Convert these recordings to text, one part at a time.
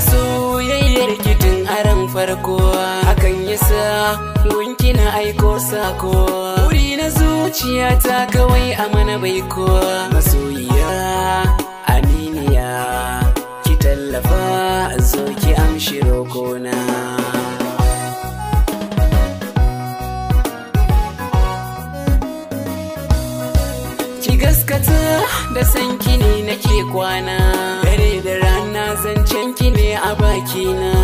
soyayyar kitin aran farko hakan yasa gunki na aiko sako wuri na zuciya ta kawai a bai ko masoyiya aminiya ki tallafa zo ki amshi rokona ki gaskata da sanki ne nake kwana dare da 记得。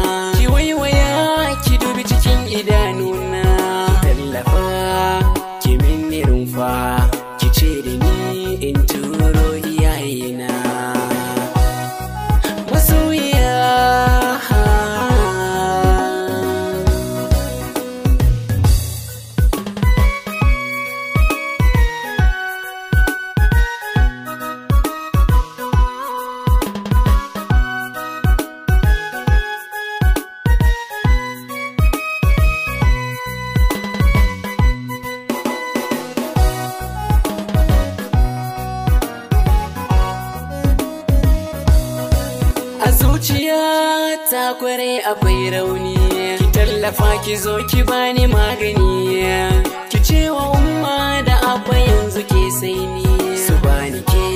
zuciya ta kware akwai rauni ki tallafa ki zo ki bani magani ki ce wa umma da abba yanzu ke sai ni su bani ke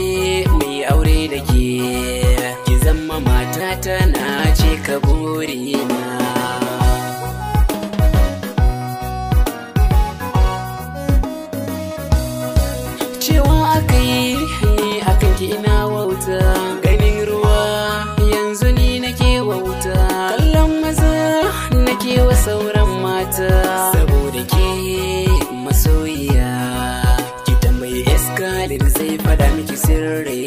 mai aure da ke ki zama matata na ce ka burina cewa aka yi ji sirri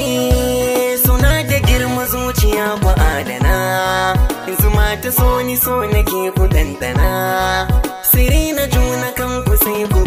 eh, suna da girma zuciya ku adana in mata so ni so nake ku dandana siri na juna kan ku sai ku